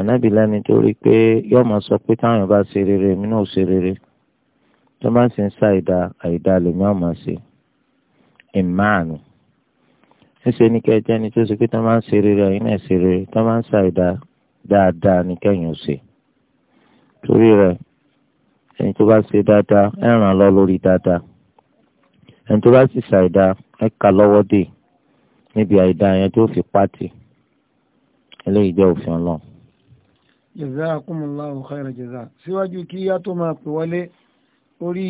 ànábì lẹ́ni tó rí i pé yóò máa sọ pé táwọn bá ṣe rere èmi náà ò ṣe rere tó bá sì ń sa ìdá àìdá lèmi ò máa ṣe ìmáàánù ńṣe ní kẹjẹ ni tó ṣe pé tó máa ń ṣe rere ẹ̀yin náà ṣe rere tó máa ń sa ìdá dáadáa ní kẹ́yìn ò ṣe torí rẹ̀ ẹni tó bá ṣe dáadáa ẹ ràn lọ lórí dáadáa ẹni tó bá sì sa ìdá ẹ kà lọ́wọ́ dè níbi àìdá yẹn tó fi pátì eléyìí jẹ́ òfin Ọlọ́run jazakumullahu khayra jaza síwájú kí a tó máa pè wọlé orí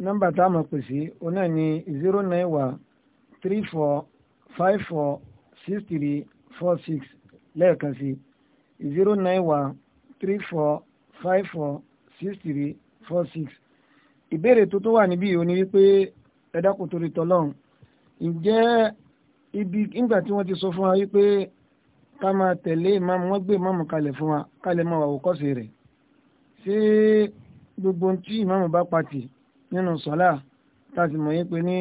nọ́mbà tá a máa pè sí òun náà ni zero nine one three four five four six three four six lẹ́ẹ̀kan sí zero nine one three four five four six three four six ìbéèrè tó tó wà níbí yìí ó wípé ẹ̀dá kò torí tọ́lọ́run ǹjẹ́ ibi nígbà tí wọ́n ti sọ fún wa wípé ká máa tẹ̀lé ìmáàmù wọ́n gbé ìmáàmù kalẹ̀ fún wa kalẹ̀ máa wà òkọ́sì rẹ̀ ṣé gbogbo tí ìmáàmù bá pati nínú sọ́lá tá a sì mọ̀ yín pé ní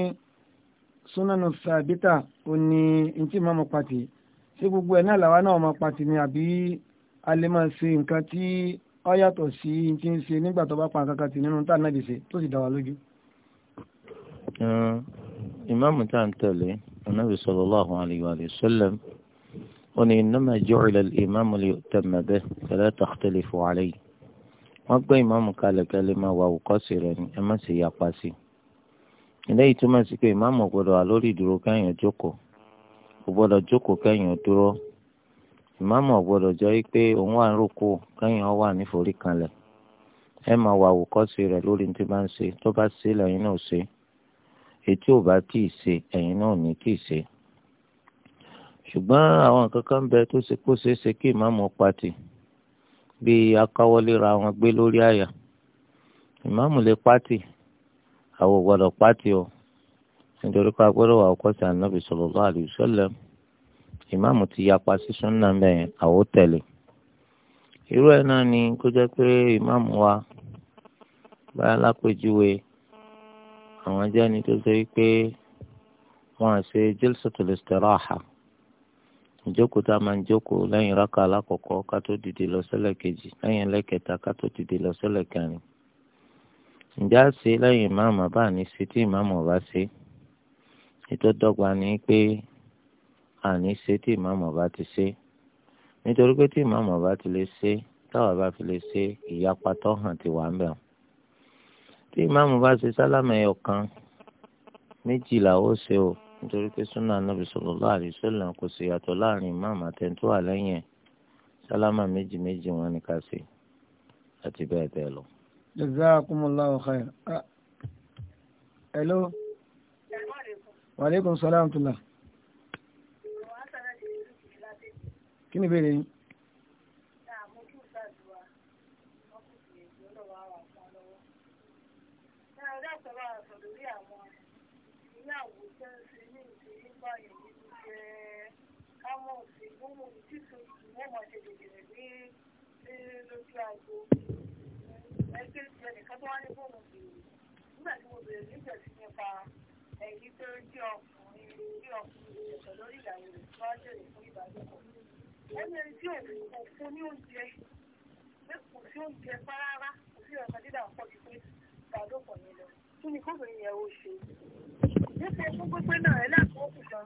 súnánù sàbítà ò ní ntí ìmáàmù pati ṣé gbogbo ẹ̀ náà làwa náà máa pati ni àbí a lè máa ṣe nǹkan tí ó yàtọ̀ sí ti ń ṣe nígbà tó bá pa kankan tì nínú tá a náà lè tó sì dá wa lójú. ìmáàmù tá à ń tẹ̀lé anábì sallallahu alaihi wa sallam ni innama ju'ila al-imamu liyu'tamma bihi fala takhtalifu alayhi wọ́n gbé ìmáàmù kalẹ̀ kẹ́lẹ́ máa wà wùkọ́sì rẹ̀ ni ẹ má sì yapa sí i eléyìí túmọ̀ sí pé ìmáàmù gbọ́dọ̀ wà lórí ìdúró kẹ́yìn jókòó kò gbọ́dọ̀ jókòó kẹ́yìn dúró ìmáàmù ọ̀gbọ́dọ̀ jọ yí pé òun wà ń rúkú kẹ́yìn ọ wà níforí kanlẹ̀ ẹ máa wà wùkọ́sì rẹ̀ lórí tí bá ń ṣe tó bá ṣe lẹ́yìn náà ṣe ètí ò bá tíì ṣe ẹ̀yìn náà ò ní tíì ṣe ṣùgbọ́n àwọn nǹkan kan bẹ tó ṣe kó ṣeé ṣe kí ìmáàmù pati bíi akáwọléra wọn gbé lórí àyà ìmáàmù lè pati àwọn ò gbọdọ̀ pati o nítorí pé agbọ́dọ̀ wà ọkọ̀ sí ànábì sallallahu alaihi wasallam ìmáàmù ti yapa sí súnà mẹ́yìn àwọn tẹ̀lé irú ẹ̀ náà ni kó jẹ́ pé ìmáàmù wa báyà lápèjúwe àwọn jẹ́ ẹni tó ṣe wípé wọ́n á ṣe jilsatul istiraha. ìjókòó tá a máa ń jókòó lẹ́yìn rákà alákọ̀ọ́kọ́ ká tó dìde lọ sẹ́lẹ̀ kejì lẹ́yìn ẹlẹ́kẹta ká tó dìde lọ sẹ́lẹ̀ kẹrin ǹjẹ́ a ṣe lẹ́yìn ìmáàmù bá ní tí ìmáàmù bá ṣe ètò dọ́gba ni pé àní ṣe tí ìmáàmù bá ti ṣe nítorí pé tí ìmáàmù bá ti lè ṣe táwa bá fi lè ṣe ìyapa tó hàn ti wà ń bẹ̀ kan méjìlá ó ṣe o. nítorí pé súnà anábì sallallahu alaihi wasallam kò sí yàtọ̀ láàrin ìmáàmù àtẹ̀ntó àlẹ́yìn ẹ̀ sálámà méjì méjì wọn ni ká ṣe àti bẹ́ẹ̀ bẹ́ẹ̀ lọ. jazakumullahu khair. hello. wa alaikum salaam tula. kí ni ìbéèrè yín. táwọn òsì gbóhùn títù mẹ́mọ̀ ṣe jẹjẹrẹ ní lójú àgbo ẹgbẹ́ ìṣẹ́ nìkan tó wá ní bóhùn sí nígbà tí mo bẹ̀rẹ̀ nígbà sí nípa ẹ̀yí tó jẹ́ ọkùnrin bí ọkùnrin ìṣẹ̀tọ̀ lórí fún ní oúnjẹ pé kò sí oúnjẹ rárá kò sí ọ̀kan dídà pọ̀ ju pé ìbálòpọ̀ mi kí ni kóbìnrin yẹn ó ṣe nípa fún pípé náà ẹ láàbò òkú kan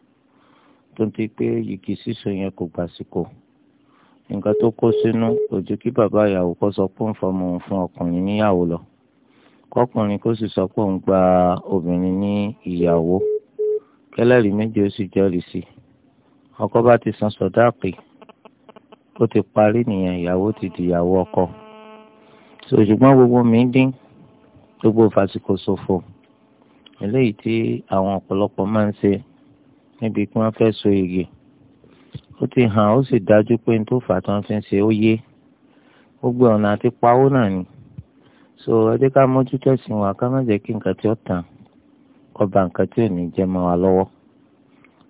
tó ti pé yìgì sísọ yẹn kò gbàsíkò nǹkan tó kó sínú ojú kí bàbá ìyàwó kó sọ pé ń fọmọ òun fún ọkùnrin níyàwó lọ kọkùnrin kó sì sọ pé òun gba obìnrin ní ìyàwó kẹlẹ́rìí méje ó sì jẹ́rìí sí ọkọ bá ti san sọdáàpì ó ti parí nìyẹn ìyàwó ti dìyàwó ọkọ ṣùgbọ́n gbogbo mi dín gbogbo fàṣíkò ṣòfò eléyìí tí àwọn ọ̀pọ̀lọpọ̀ máa ń ṣe níbi kí wọ́n fẹ́ so igi ó ti hàn ó sì dájú pé n tó fà tán fi ń ṣe ó yé ó gbé ọ̀nà àti pawó náà ni so ẹ ká mójútó ẹ̀sìn wa ká má jẹ́ kí nǹkan tí ó tàn kó ba nǹkan tí ò ní jẹ́ mọ́ wa lọ́wọ́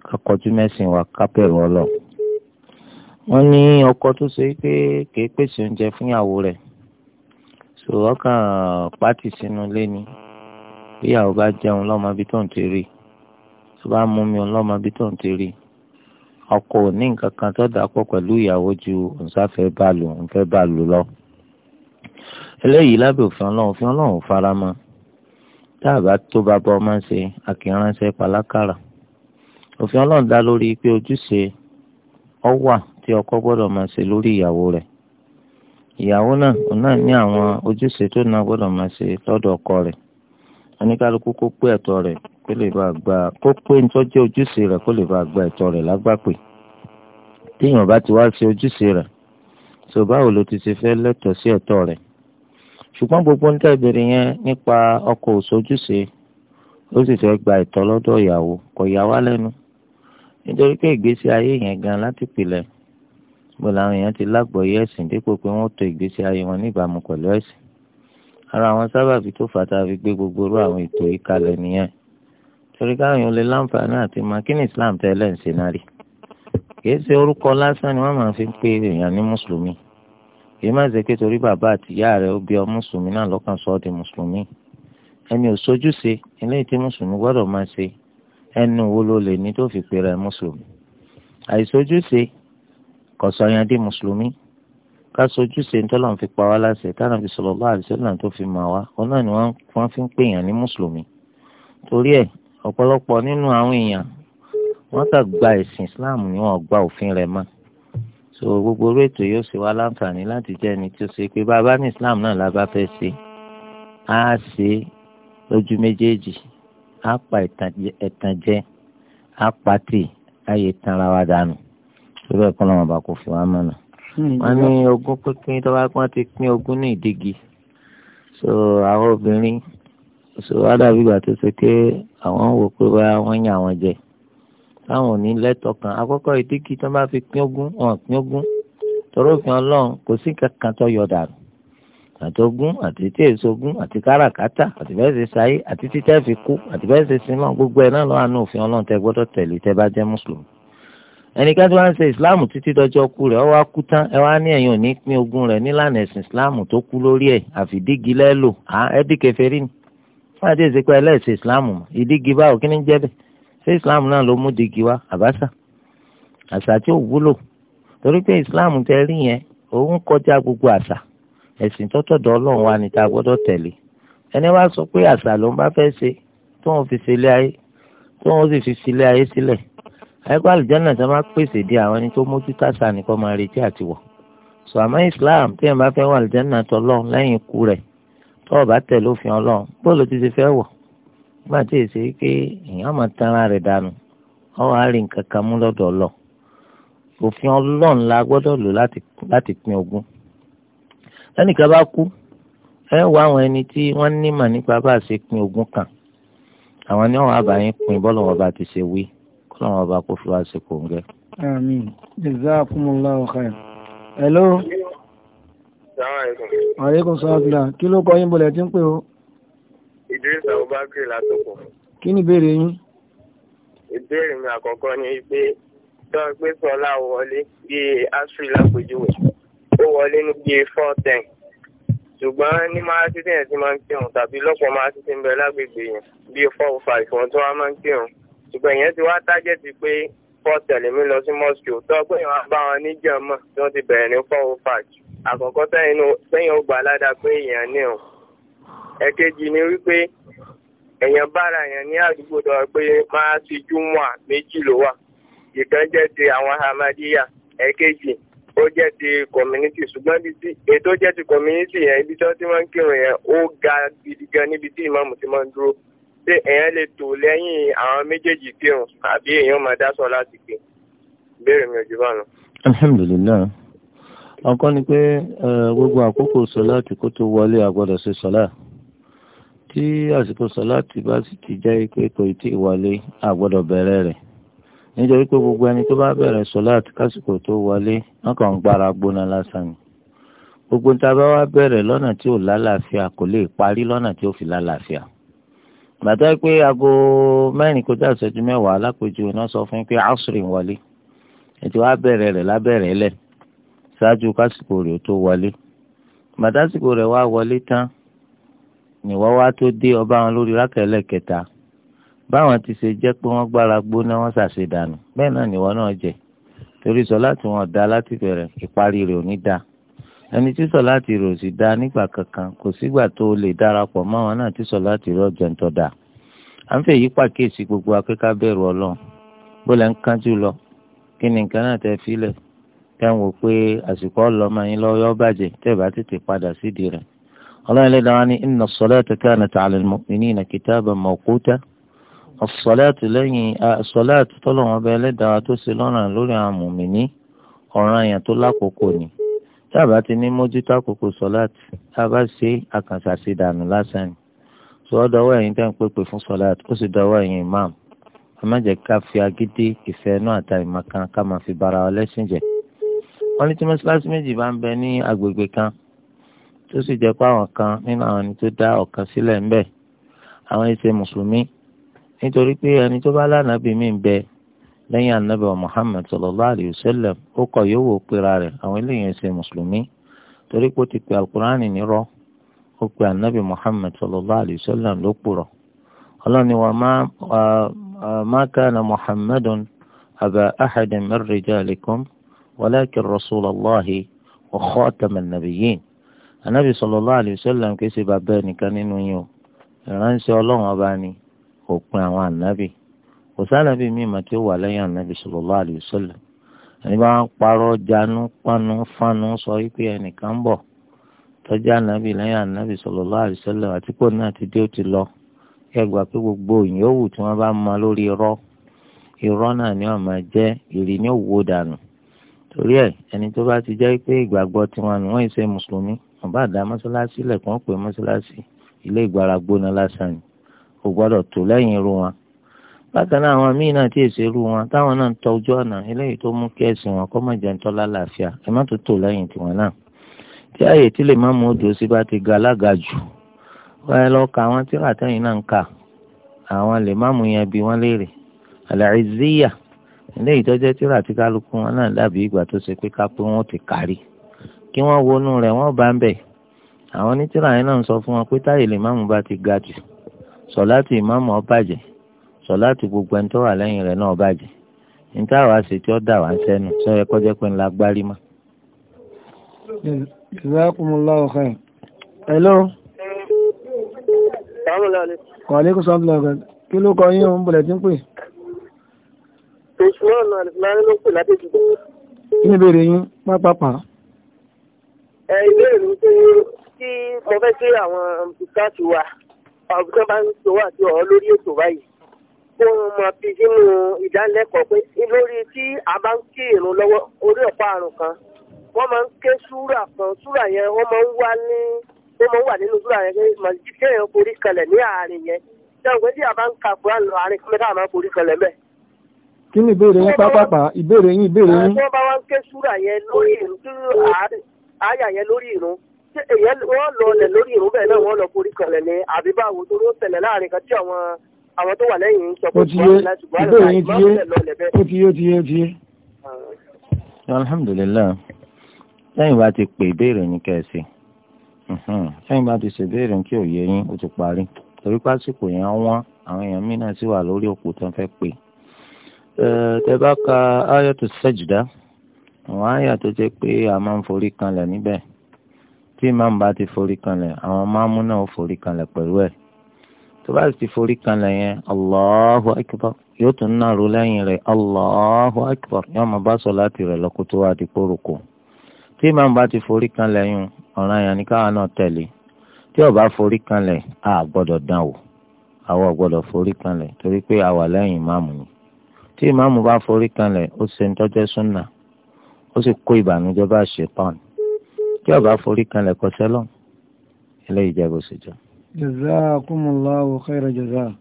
ká kọjú mẹ́sìn wa ká bẹ̀rù ọlọ́ wọ́n ní ọkọ tó ṣe pé kì í pèsè oúnjẹ fún ìyàwó rẹ̀ so ọkàn pátì sínú ilé ni bí ìyàwó bá jẹun lọ́mọ ibi tó ń ti rí i tó bá mú mi ọlọ́mọ bí tó ń tiri ọkọ ò ní nǹkan kan tó dà pọ̀ pẹ̀lú ìyàwó ju nsáfẹ́ bàlù nfẹ́ bàlù lọ. eléyìí lábẹ́ òfin ọlọ́run òfin ọlọ́run fara mọ́ tó bá bọ́ máa ń ṣe àkìránṣẹ́ pàlákàrà òfin ọlọ́run dá lórí pé ojúṣe ọ tí ọkọ gbọ́dọ̀ máa ṣe lórí ìyàwó rẹ̀ ìyàwó náà náà ní àwọn ojúṣe tó náà gbọ́dọ̀ máa ṣe lọ́dọ̀ ọkọ rẹ̀ oníkálukú kó pé ẹ̀tọ́ rẹ̀ kó lè bá gba kó pé nítọ́jú ojúṣe rẹ̀ kó lè bá gba ẹ̀tọ́ rẹ̀ lágbàpè téèyàn bá ti wá ṣe ojúṣe rẹ̀ tó báwo ló ti ṣe fẹ́ lẹ́tọ̀ọ́ sí ẹ̀tọ́ rẹ̀ ṣùgbọ́n gbogbo ń tẹ̀bẹ̀rẹ̀ yẹn nípa ọkọ òṣojúṣe ó sì fẹ́ gba ẹ̀tọ́ lọ́dọ̀ ìyàwó kò yà wá lẹ́nu nítorí pé ìgbésí ayé yẹn gan láti pìlẹ̀ gbọ́dọ̀ àwọn èèyàn ti lágbọ̀ọ́yé ẹ̀sìn dípò pé wọ́n tò ìgbésí ayé wọn níbàámu pẹ̀lú ẹ̀sìn ara àwọn sábàbí tó fàtà fi gbé gbogbo irú àwọn ètò yìí kalẹ̀ nìyẹn torí káwọn èèyàn lè láǹfààní àti máa ni Islam tẹ́lẹ̀ ń ṣe náà rí kìí ṣe orúkọ lásán ni wọ́n máa fi ń pe èèyàn ní mùsùlùmí kìí má ṣe pé torí bàbá àtìyá rẹ̀ ó bí ọ mùsùlùmí náà lọ́kàn sọ ọ́ di mùsùlùmí ẹni ò sojúṣe eléyìí tí mùsùlùmí gbọ́dọ̀ máa ṣe ẹnu wo ló lè ní tó fi pera mùsùlùmí àìsojúṣe kò sọ ká sojú ṣe nítorí àwọn fi pa wá láṣẹ táwọn fi sọ̀rọ̀ bá àdìsẹ́lẹ̀ tó fi mà wá ọ̀nà ni wọ́n fi ń pè yàn ní mùsùlùmí torí ẹ̀ ọ̀pọ̀lọpọ̀ nínú àwọn èèyàn wọ́n kà gba ẹ̀sìn Islam ni wọ́n gba òfin rẹ̀ mọ́ so gbogbo orí ètò yóò ṣe wá láǹfààní láti jẹ́ ẹni tí ó ṣe pé bàbá ní Islam náà la bá fẹ́ ṣe á ṣe lójú méjèèjì á pa ẹ̀tàn jẹ á pa tì á yẹ tán ra wa dànù torí ẹ̀kọ́ làwọn Hmm, wọ́n ní ogún pínpín tó bá pọ́n ti pín ogún ní ìdígi so àwọn obìnrin so wá dàbí ìgbà tó ṣe pé àwọn wò pé báyà wọ́n yàn àwọn jẹ táwọn ò ní lẹ́tọ̀ọ́ kan àkọ́kọ́ ìdígi tó bá fi pín ogún wọn pín ogún torí òfin ọlọ́run kò sí kankan tó yọ dànù àtogún àti tí èsogún àti káràkátà àti bẹ́ẹ̀ ṣe ṣayé àti títẹ́ fi kú àti bẹ́ẹ̀ ṣe sinmọ́ gbogbo ẹ̀ náà lọ́wọ́ àánú òfin ọlọ́run tẹ gbọ́dọ̀ tẹ̀lé tẹ bá jẹ́ mùsùlùmí ẹnìkan tí wọ́n ń ṣe ìsìláàmù títí dọjọ́ kú rẹ̀ ọ wá kú tán ẹ wá ní ẹ̀yin ò pín ogún rẹ̀ nílànà ẹ̀sìn ìsìláàmù tó kú lórí ẹ̀ àfìdígi lẹ́lò ẹ̀dí kẹfẹ́rì ni wọ́n á dé ìsìnkú ẹlẹ́ẹ̀sìn ìsìláàmù ìdígi báwo kí ni jẹ́ bẹ́ẹ̀ ṣé ìsìláàmù náà ló mú digi wá àbáṣà àṣà tí ò wúlò torí pé ìsìláàmù tẹ rí yẹn òun kọjá gbogbo àṣà ẹ̀sìn tọ́tọ̀dọ̀ ọlọ́run wa ni tá a gbọ́dọ̀ tẹ̀lé ẹni wá sọ pé àṣà ló ẹgbẹ́ àlùjáná tó máa pèsè di àwọn ẹni tó mójútó àṣà nìkan máa retí àti wọ̀ sọ àmọ́ Islam tí ẹ̀ bá fẹ́ wọ àlùjáná tó lọ lẹ́yìn ikú rẹ̀ tó o bá tẹ̀ lófin ọlọ́run bóòlù ti ti fẹ́ wọ̀ nígbà tí èsì pé èèyàn máa tan ara rẹ̀ dànù ọwọ́ àárín nǹkan kan mú lọ́dọ̀ lọ òfin ọlọ́run la gbọ́dọ̀ lò láti pín ogún lẹ́nìkan bá kú ẹ wọ àwọn ẹni tí wọ́n nímọ̀ nípa bá ṣe pín ogún kan àwọn ni wọ́n wà bá yín pín bọ́lọ̀ wọn bá ti ṣe wí kọ́lọ́wọ́n ọba kó fi wá sí kò ń gẹ́. àmín jazakumullahu hello. salaamaaleykum. aleykum salaam kí ló kọ́ yín bọ̀lẹ̀ tí ń pè ó. ìdírísà ọba kiri látòkò. kí ni ìbéèrè yín. ìbéèrè mi àkọ́kọ́ ni pé sọ pé sọlá wọlé bíi asri lápèjúwe ó wọlé ní bíi four ten ṣùgbọ́n ní máa títí yẹn ti máa ń kírun tàbí lọ́pọ̀ máa títí ń bẹ lágbègbè yẹn bíi four oh five wọn tó wá máa ń kírun ṣùgbọ́n ìyẹn ti wá tájẹ́tì pé fọ́ọ̀tẹ̀ lèmi lọ sí mọ́sùkì tó ọgbẹ́ yẹn wá bá wọn níjàmọ́ tí wọ́n ti bẹ̀rẹ̀ ní four oh five àkọ́kọ́ sẹ́yìn ó gbà ládà pé èèyàn ní o ẹ̀kejì ni wípé èèyàn bára èèyàn ní àdúgbò tó wà pé máa ti júmọ́ méjì ló wà ìkan jẹ́ ti àwọn Ahmadiyya ẹ̀kejì ó jẹ́ ti community ṣùgbọ́n ètò jẹ́ ti community yẹn ibi tí wọ́n ti máa ń kírun yẹn ó ga gidi gan níbi tí ìmáàmù ti máa ń dúró ṣé èèyàn lè tò lẹ́yìn àwọn méjèèjì kírun àbí èèyàn máa dá sọ láti pè béèrè mi ò jù bá lọ. alhamdulilayi ọkọ ni pé gbogbo àkókò sọláàtì kó tó wọlé àgbọ́dọ̀ ṣe sọlá tí àsìkò sọláàtì bá sì ti jẹ́ pé kò tí ì wọlé àgbọ́dọ̀ bẹ̀rẹ̀ rẹ̀ nítorí pé gbogbo ẹni tó bá bẹ̀rẹ̀ sọláàtì kásìkò tó wọlé wọn kàn ń gbára gbóná lásán ni gbogbo níta bá wá bẹ̀rẹ̀ lọ́nà tí ò lálàáfíà kò lè parí lọ́nà tí ò fi lálàáfíà gbàtọ́ pé aago mẹ́rin kọjá ìṣẹ́jú mẹ́wàá alápèjú náà sọ fún pé asri ń wọlé ètò wa bẹ̀rẹ̀ rẹ̀ lábẹ́rẹ̀ lẹ̀ ṣáájú kásìkò rẹ̀ tó wọlé gbàtásìkò rẹ̀ wá wọlé tán nìwọ́ wá tó dé ọba wọn lórí rákẹ́lẹ̀ kẹta báwọn ti ṣe jẹ́ pé wọ́n gbára gbóná wọ́n ṣàṣedànù bẹ́ẹ̀ náà nìwọ́ náà jẹ́ torí sọ láti wọn dá láti ìparí rẹ̀ ò ní dáa ẹni tí sọláàtì rò sì nígbà kankan kò sígbà tó lè darapọ̀ mọ́ àwọn náà tí sọláàtì rò jẹ́ ń à ń fẹ́ yí pàkíyèsí gbogbo akẹ́kọ̀ọ́ abẹ́rù ọlọ́run bó lẹ́ lọ kí ni nǹkan náà tẹ́ fílẹ̀ ń wò pé àsìkò ọlọ́mọ yín lọ́yọ́ bàjẹ́ tẹ́ bá tètè padà sídìí rẹ̀ ọlọ́run ẹlẹ́dàá ní tábà ti ní mójútó àkókò sọláàtì tábà ṣe àkànṣà ṣe dànù lásán ni tó ọ dọwọ́ ẹ̀yin tẹ́ ń pèpè fún sọláàtì ó sì dọwọ́ ẹ̀yin imam àmọ́jẹ̀ ká fi agídí ìfẹ́ náà àta ìmọ̀kan ká máa fi bara wa lẹ́sìn jẹ́ wọ́n ní tí mọ́ṣáláṣí méjì bá ń bẹ ní agbègbè kan tó sì jẹ́ pé àwọn kan nínú àwọn ẹni tó dá ọ̀kan sílẹ̀ ń bẹ àwọn ẹsẹ̀ mùsùlùmí nítorí pé ẹni tó bá lánàá bì mí ń bẹ lẹ́yìn anabi muhammed sallallahu alayhi wa sallam ó kọ̀ yóò wò pera rẹ̀ àwọn eléyìí ṣe mùsùlùmí torí pé ó ti pe alukur'ani nírọ́ ó pe anabi muhammed sallallahu alayhi wa sallam ló purọ́ ọlọ́ni wa ma kana muhammadun aba ahadin min rijalikum walakin rasulallahi wa khataman nabiyyin anabi sallallahu alayhi wa sallam kì ṣe bàbá ẹnìkan nínú yín o ìránṣẹ́ ọlọ́run ọba ni òpin àwọn anabi kò sáànà bíi mímọ tí ó wà lẹ́yìn ànábì sallallahu alaihi wasallam ẹni bá ń parọ́ janú pánú fánú sọ wípé ẹnìkan ń bọ̀ tọ́jú ànábì lẹ́yìn ànábì sallallahu alaihi wasallam àti pò náà ti dé ó ti lọ ẹgbà pé gbogbo ìyówù tí wọ́n bá mọ lórí irọ́ irọ́ náà ni wọ́n máa jẹ́ ìrì ní òwò dànù torí ẹ̀ ẹni tó bá ti jẹ́ pé ìgbàgbọ́ tiwọn ni wọ́n ṣe mùsùlùmí wọ́n bá dá mọ́ṣáláṣí lẹ̀kọ́ pé mọ́ṣáláṣí ilé ìgbàlagbóná lásán ni kò tó lẹ́yìn irú wọn bákan náà àwọn míín náà tí èsì rú wọn táwọn náà ń tọ ojú ọ̀nà eléyìí tó mú kí ẹ̀sìn wọn kọ́ mọ̀ jẹ́ ń tọ́ lálàáfíà ẹ má tó tò lẹ́yìn tiwọn náà tí ààyè tí lè má mú odò sí bá ti ga alága jù wáyé lọ ka àwọn tí àtẹ̀yìn náà ń kà àwọn lè má mú yẹn bí wọ́n léèrè àlàyézíyà eléyìí tó jẹ́ tíra tí kálukú wọn náà dàbí ìgbà tó ṣe pé kápẹ́ wọn ti kárí kí wọ́n wọnú rẹ̀ ìmáàmù ó bàjẹ́ sọ̀láàtì gbogbo ẹni tó wà lẹ́yìn rẹ̀ náà bàjẹ́ níta àwa ṣe tí ó dà wá sẹ́nu sọ yẹ kọjá pé ńlá gbárí mọ́. jazakumullahu khairan. hello. wàlẹ́kùn sọ́ńtìlá ọ̀gá kí ló kọ yín òun bọ̀lẹ̀ tí ń pè. èsì náà nà láyé ló pè láti dìbò. kí ni ìbéèrè yín pápápá. ẹ ìbéèrè mi pé mo fẹ́ sí àwọn ìsáàtì wa àwọn tó bá ń sọ wà sí ọ̀ọ́ lórí ètò báyìí kó wọn máa fi sínú ìdánilẹ́kọ̀ọ́ pé lórí tí a bá ń kí irun lọ́wọ́ orí ọ̀pá àrùn kan wọ́n máa ń ké súrà kan súrà yẹn wọ́n máa ń wá ní wọ́n máa ń wà nínú súrà yẹn pé màlìjí kéèyàn forí kalẹ̀ ní àárín yẹn sẹ́wọ̀n pé tí a bá ń ka kúrán lọ àárín kọ́mẹ́tà àmọ́ forí kalẹ̀ bẹ́ẹ̀. kí ni ìbéèrè yín pápápá ìbéèrè yín ìbéèrè yín. wọ́n bá wá ń ké súrà yẹn lórí irun tí àyà yẹn lórí irun èyàn wọ́n lọ lẹ̀ lórí irun bẹ́ẹ̀ náà wọ́n lọ forí kalẹ̀ ní àbí báwo torí ó tẹ̀lẹ̀ láàrin kan tí àwọn àwọn tó wà lẹ́yìn sọ pé ṣùgbọ́n láti gbọ́ àlọ́ ó ti yé ó ti yé ó ti yé. alhamdulilayi lẹ́yìn bá ti pè ìbéèrè ní kẹ́ẹ̀sì lẹ́yìn bá ti ṣèbéèrè kí òye yín ó ti parí torí pásítọ̀ yẹn wọ́n àwọn èèyàn mí náà sì wà lórí òpó tó ń fẹ́ pè. tẹ bá ka ayatu sajda àwọn àyà tó jẹ́ pé a máa ń forí kanlẹ̀ níbẹ̀ tí màmú bá ti forí kanlẹ̀ àwọn máàmú náà ó forí kanlẹ̀ pẹ̀lú ẹ̀. tó bá ti forí kanlẹ̀ yẹn allahu akbar yóò tún nàró lẹ́yìn rẹ̀ allahu akbar yóò máa bá sọ láti rẹ̀ lọ́kọ́ tó wá tí màmú bá ti forí kanlẹ̀ yẹn ọ̀ràn yẹn náà tẹ̀lé tí forí a gbọ́dọ̀ dán o gbọ́dọ̀ forí torí pé wà lẹ́yìn bá forí ó jazakumullahu khayra jaza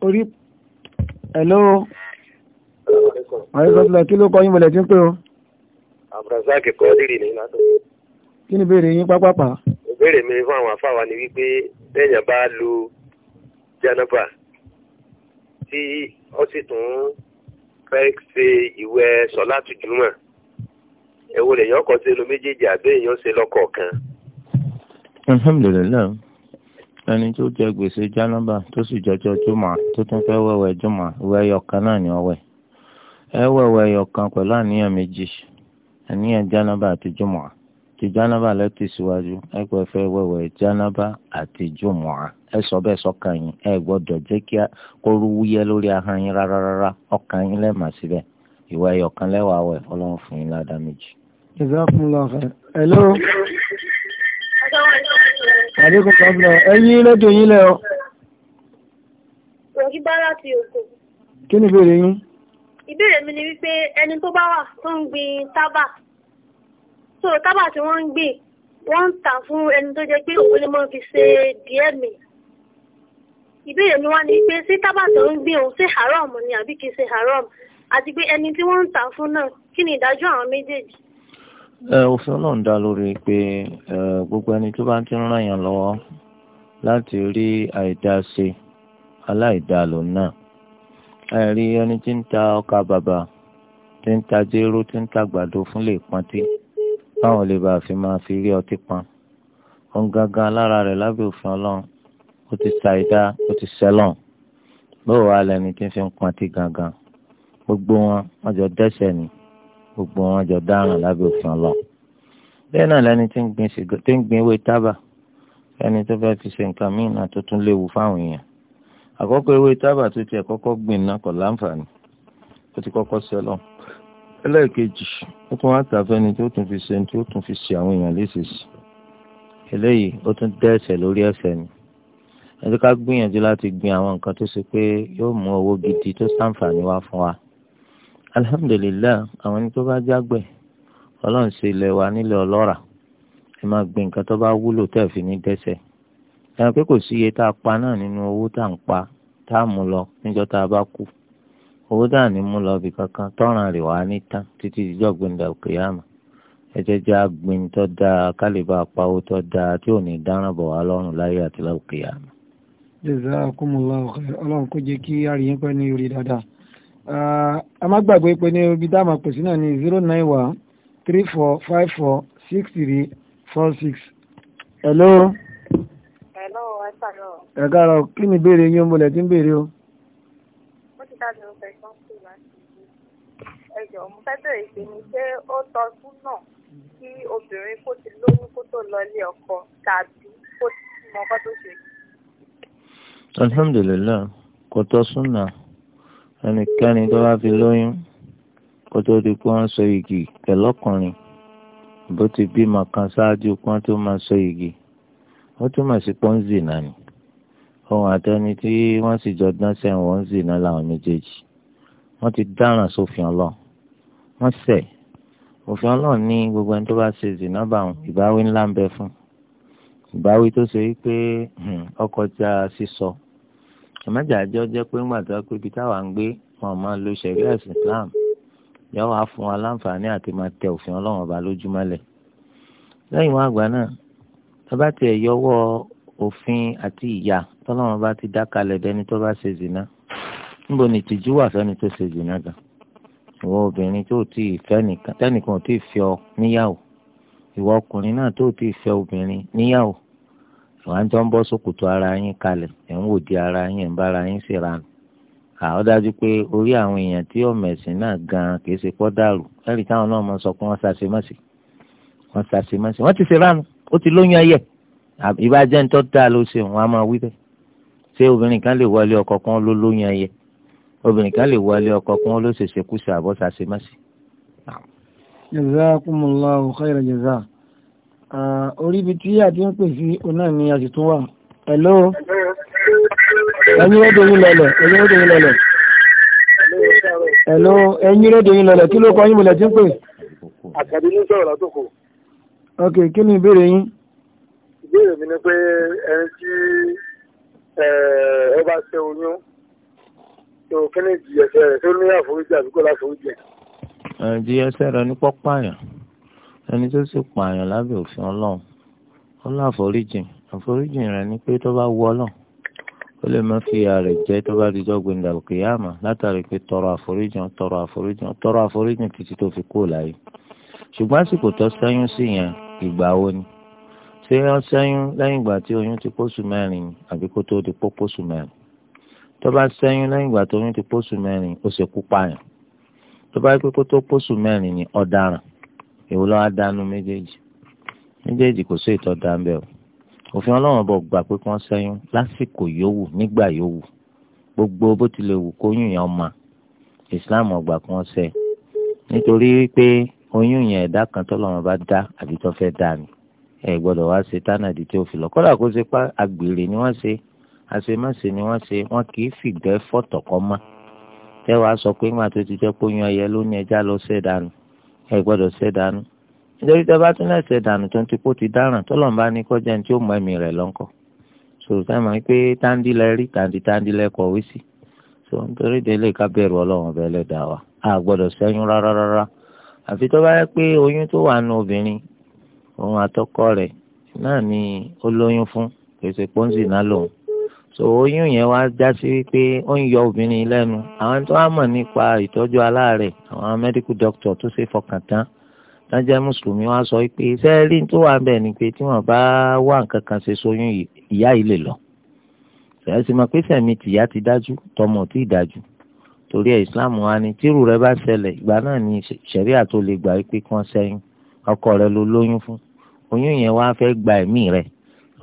orí hello ayé sọ́tìlá kí ló kọ́ yín mọ̀lẹ́ tí ń pè ó. abdulrasaq kọ́ dìrì ní nato. kí ni ìbéèrè yín pápápá. ìbéèrè mi fún àwọn afáwa ni wípé téèyàn bá lu janaba tí ó sì tún fẹ́ ṣe ìwẹ̀ sọ́látù júmọ̀ èwo lèyàn kọ́ sí inú méjèèjì àbẹ́yẹn ṣe lọ́kọ̀ọ̀kan. alhamdulilayi ẹni tó jẹ gbèsè janaba tó sì jọjọ jùmọ̀ tó tún fẹ́ wẹ̀wẹ̀ jùmọ̀ wẹ̀yọ̀ kan náà ni ẹ wẹ̀wẹ̀ ẹ̀yọ̀ kan pẹ̀lú àníyàn méjì àníyàn àti ti síwájú ẹ pẹ́ àti ẹ sọ yín ẹ gbọ́dọ̀ jẹ́ kí kóru wúyẹ́ lórí ahọ́n yín rárá ọkàn yín lẹ́ẹ̀mà Àlékún kọ́bílẹ̀, ẹ̀yí lẹ́dùn yín lẹ́ ọ. Rọ̀gí bá láti òkò. Kí ni ìbéèrè yín? Ìbéèrè mi ni wípé ẹni tó bá wà tó ń gbin tábà. So tábà tí wọ́n ń gbìn, wọ́n ń tà fún ẹni tó jẹ́ pé òun lè mọ́ fi ṣe díẹ̀ mi. Ìbéèrè mi wá ni pé ṣé tábà tó ń gbìn òun ṣe haram ni àbí kì í ṣe haram? Àti pé ẹni tí wọ́n ń tà fún náà, kí ni ìdájọ́ àwọn méjèèjì? òfin ọlọ́run dá lórí pé gbogbo ẹni tó bá ti ń ràn yàn lọ́wọ́ láti rí àìdáa ṣe aláìdáa lòun náà àìrí ẹni tí ń ta ọkà bàbà tí ń ta jéró tí ń ta àgbàdo fún lè pọ́ntì báwọn lè bá fi máa fi rí ọtí pọn òun gangan lára rẹ̀ lábẹ́ òfin ọlọ́run ó ti ṣàìdá ó ti ṣẹlọ̀n bóò wá lẹni tí ń fi pọ́ntì gangan gbogbo wọn wọ́n jọ dẹ́ṣẹ̀ ni. gbogbo wọn jọ dáràn lábẹ́ òfin ọlọ́run bẹ́ẹ̀ náà lẹni tí ń gbin ewé fi ṣe nǹkan míì náà tó tún léwu fáwọn èèyàn ewé tábà tó gbìn náà láǹfààní ó ti ṣe lọ ó tún wá tó tún fi ṣe ní tó tún fi ṣe àwọn èèyàn eléyìí ó tún lórí ni ẹni ká gbìyànjú gbin àwọn nǹkan tó ṣe pé yóò mú gidi tó ṣàǹfààní wá alhamdulilayi àwọn ẹni tó bá jágbẹ̀ ọlọ́run ṣe ilẹ̀ wa nílẹ̀ ọlọ́ràá ẹ máa gbin nǹkan tó bá wúlò tẹ̀ fi ní dẹ́sẹ̀ ẹ̀rọ pé kò sí iye tá a pa náà nínú owó tá à ń pa tá a mú lọ níjọ́ tá a bá kú owó tá à ní mú lọ bí kankan tọ́ràn rẹ̀ wá ní tán títí ìjọ gbẹ̀ndà kìyàmà ẹ jẹ́ jẹ́ agbin tó dáa kálíbà pawó tó dáa tí ò ní dáràn bọ̀ wá lọ́rùn láyé àti lọ́kìyàmà. jazakumullahu khair ọlọ́run kò jẹ́ kí àríyànpẹ́ ní orí dáadáa Ah, a má gbàgbé pé ní ibi tá pèsè náà ní zero nine one three four five four six three four six. hello. hello ẹ sàrọ. ẹ káàárọ̀ kí ni ìbéèrè yín ń bọ̀lẹ̀ tí ń béèrè o. ó ti dájú ọ̀fẹ́ kan sí láti ṣe ẹjọ́ mo fẹ́ bẹ̀rẹ̀ sí ni ṣé ó tọ́ fún náà kí obìnrin kó ti lóyún kó tó lọ ilé ọkọ tàbí kó ti mọ ọkọ tó ṣe. alhamdulilayi kò tọ́ súnà ẹnikẹ́ni tó bá fi lóyún kó tó di pé wọ́n sọ igi pẹ̀lọ́kùnrin bó ti bímọ kan ṣáájú kí wọ́n tó máa sọ igi wọ́n túmọ̀ sí pọ́ńzì náà ni ohun àtẹni tí wọ́n sì jọ dán sẹ́wọ̀n wọ́n zì náà làwọn méjèèjì wọ́n ti dáràn sófin ọlọ́run wọ́n ṣẹ̀ òfin ọlọ́run ní gbogbo ẹni tó bá ṣe zìnà bá wọn ìbáwí ńlá ń bẹ fún ìbáwí tó ṣe wípé hmm, ọkọjá sísọ. So ẹ̀mẹ́jà jẹ́ jẹ́ pé ńgbà tó pé ibi táwa ń gbé wọn máa lo ṣẹ̀ríà islam yóò wá fún wa láǹfààní àti máa tẹ òfin ọlọ́run ọba lójúmọ́lẹ̀ lẹ́yìn wọn àgbà náà tó bá tiẹ̀ yọwọ́ òfin àti ìyà tọ́lọ́run bá ti dákalẹ̀ dẹni tó bá ṣe zìnà níbo ni tìjú wà fẹ́ni tó ṣe zìnà gan ìwọ obìnrin tó tí fẹ́ nìkan tẹ́nìkan ò tí fẹ́ ọ níyàwó ìwọ ọkùnrin náà tó tí fẹ́ obìnrin níyàwó wọn á jọ ń bọ́ sókòtò ara yín kalẹ̀ ẹ̀ ń wò di ara yín ẹ̀ ń bára yín sì ra nù àwọn dájú pé orí àwọn èèyàn tí ọmọ ẹ̀sìn náà gan kìí ṣe pọ́ dàrú ẹ̀rí táwọn náà máa sọ pé wọ́n ṣàṣe mọ́sí wọ́n ṣàṣe mọ́sí wọ́n ti ṣe ránu ó ti lóyún ẹyẹ ìbàjẹ́ ń tọ́ da ló ṣe wọn a máa wí bẹ́ẹ̀ ṣé obìnrin kan lè wọlé ọkọ kan ló lóyún ẹyẹ obìnrin kan lè wọlé ọkọ kan ló ṣèṣe kùsà àbọ̀ ṣàṣe mọ́sí. jazakumullahu khairan jazaa orí ibi tí a ti ń pè sí ọ̀nà ni a sì tún wà hello ẹ̀yin rédíò yín lọlẹ̀ ẹ̀yin rédíò yín lọlẹ̀ hello ẹ̀yin rédíò yín lọlẹ̀ kí ló kọ yín bọ̀lẹ̀ tí ń pè. àkàdé ní sọ̀rọ̀ látòkò. ok kí ni ìbéèrè yín. ìbéèrè mi ni pé ẹni tí ẹ bá ṣe oyún tó kí ni ìjìyà ẹsẹ̀ rẹ̀ tó ní àforíjì àbíkó láforíjì. ìjìyà ẹsẹ̀ rẹ̀ ní pọ́páyà ẹni tó sì pààyàn lábẹ́ òfin ọlọ́run ó lọ àforíjìn àforíjìn rẹ̀ ni pé tó bá wọ ọlọ́run ó lè má fi ìyà rẹ̀ jẹ tó bá dijọ́ gbẹ̀ndà kìyàmà látàrí pé tọrọ àforíjìn tọrọ àforíjìn tọrọ àforíjìn títí tó fi kú láyé ṣùgbọ́n àsìkò tó sẹ́yún sí yẹn ìgbà wo ni ṣé ó sẹ́yún lẹ́yìn ìgbà tí oyún ti pósù mẹ́rin ni àbí kó tó di pó pósù mẹ́rin tó bá sẹ́yún lẹ́yìn ìgbà tó oyún ti pósù mẹ́rin ó ṣe kú pààyàn tó bá yẹ kó tó pósù mẹ́rin ni ọ̀daràn èwo lọ́wọ́ dánú méjèèjì méjèèjì kò sí ìtọ́ dá mbẹ́ o òfin ọlọ́run bọ̀ gbà pé kí wọ́n ṣẹ́yún lásìkò yòówù nígbà yòówù gbogbo bó tilẹ̀ wù kóyún yẹn ọmọ ìsìláàmù ọgbà kí wọ́n ṣẹ́ nítorí pé oyún yẹn ẹ̀dá kan tọ́lọ́run bá dá àbí tó fẹ́ dá ni ẹ gbọ́dọ̀ wá ṣe tánàdì tí ó fi lọ kódà kó ṣe pa àgbèrè ni wọ́n ṣe àṣemáṣe ni wọ́n ṣe wọ́n kì í fìgbẹ́ fọ̀tọ̀kọ́ mọ́ tẹ́wàá sọ pé ńgbà tó ti jẹ́ pé oyún ẹyẹ ló ní ẹja ẹ gbọ́dọ̀ ṣe dànù nítorí tẹ bá tún lẹsẹ dànù tó ń ti kó ti dáràn tọlọ ń bá ní kọjá ní tí ó mọ ẹ̀mí rẹ̀ lọńkọ sòrò táwọn ẹ pé táǹdì lẹ rí tàǹdì táǹdì lẹ kọ̀wé sí so nítorí délé ká bẹ̀rù Ọlọ́run ọbẹ Ẹlẹ́dàá wa a gbọ́dọ̀ ṣẹ́yún rárá rárá àfi tó bá yẹ pé oyún tó wà nù obìnrin òun àtọkọ rẹ̀ náà ni ó lóyún fún kèsè pọ́ńsì náà lòun so oyún yẹn wá já sí wípé ó ń yọ obìnrin lẹ́nu àwọn tó wá mọ̀ nípa ìtọ́jú aláàrẹ̀ àwọn medical doctor tó ṣe fọkàn tán tájẹ́ mùsùlùmí wá sọ pé sẹ́ẹ̀rì tó wà bẹ́ẹ̀ ni pé tí wọ́n bá wá nǹkan kan ṣe sóyún ìyá yìí lè lọ ṣèyí sì mọ̀ pé sẹ̀mí tìyá ti dájú tọmọ tí ì dájú torí ẹ̀ Islam wa ni tírù rẹ bá ṣẹlẹ̀ ìgbà náà ni ṣẹ̀ríà tó lè gbà pé kí wọ́n ṣẹ́yún ọkọ rẹ ló lóyún fún oyún yẹn wá fẹ́ gba ẹ̀mí rẹ̀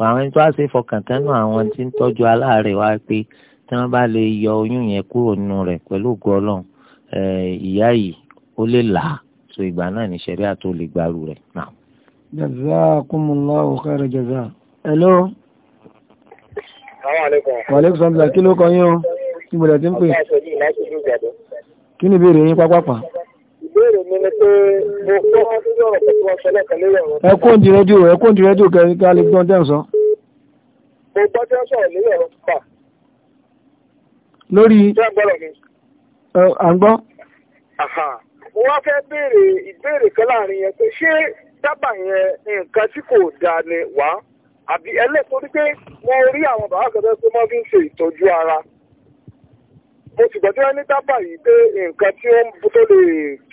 àwọn ẹni tó wá sí fọkàntán náà àwọn tí ń tọ́jú aláàárẹ̀ wá pé tí wọ́n bá lè yọ oyún yẹn kúrò nínú rẹ̀ pẹ̀lú ògùn ọlọ́run ìyá yìí ó lè là á so ìgbà náà ní sẹ́ríà tó lè gbàrú rẹ̀ náà. jazakumullahu khairan jaza. hello. wàlẹ́kùn sọ́ńdà kí ló kọ yín o kí mo lè ti kí ni ìbéèrè yín pápápá ìbéèrè mi ni pé mo kọ́ nínú ọ̀rọ̀ tó wọ́n sọ lẹ́ẹ̀kan lórí ọ̀rọ̀. ẹ kó ndí rédíò ẹ kó ndí rédíò kẹríkà lè gbọ́n tẹ́ ń sọ. mo gbọ́ tí wọ́n sọ̀rọ̀ lórí ọ̀rọ̀ pípa. lórí. ṣé ẹ gbọ́dọ̀ mi. ẹ à ń gbọ́. mo wá fẹ́ béèrè ìbéèrè kan láàrin yẹn pé ṣé dábà yẹn nǹkan tí kò dáa ni wá àbí ẹlẹ́kọ̀ọ́ pé mo rí àwọn bàbá kan mo sì gbọ́dọ̀ ní dábàá yìí pé nǹkan tí ó ń tó lè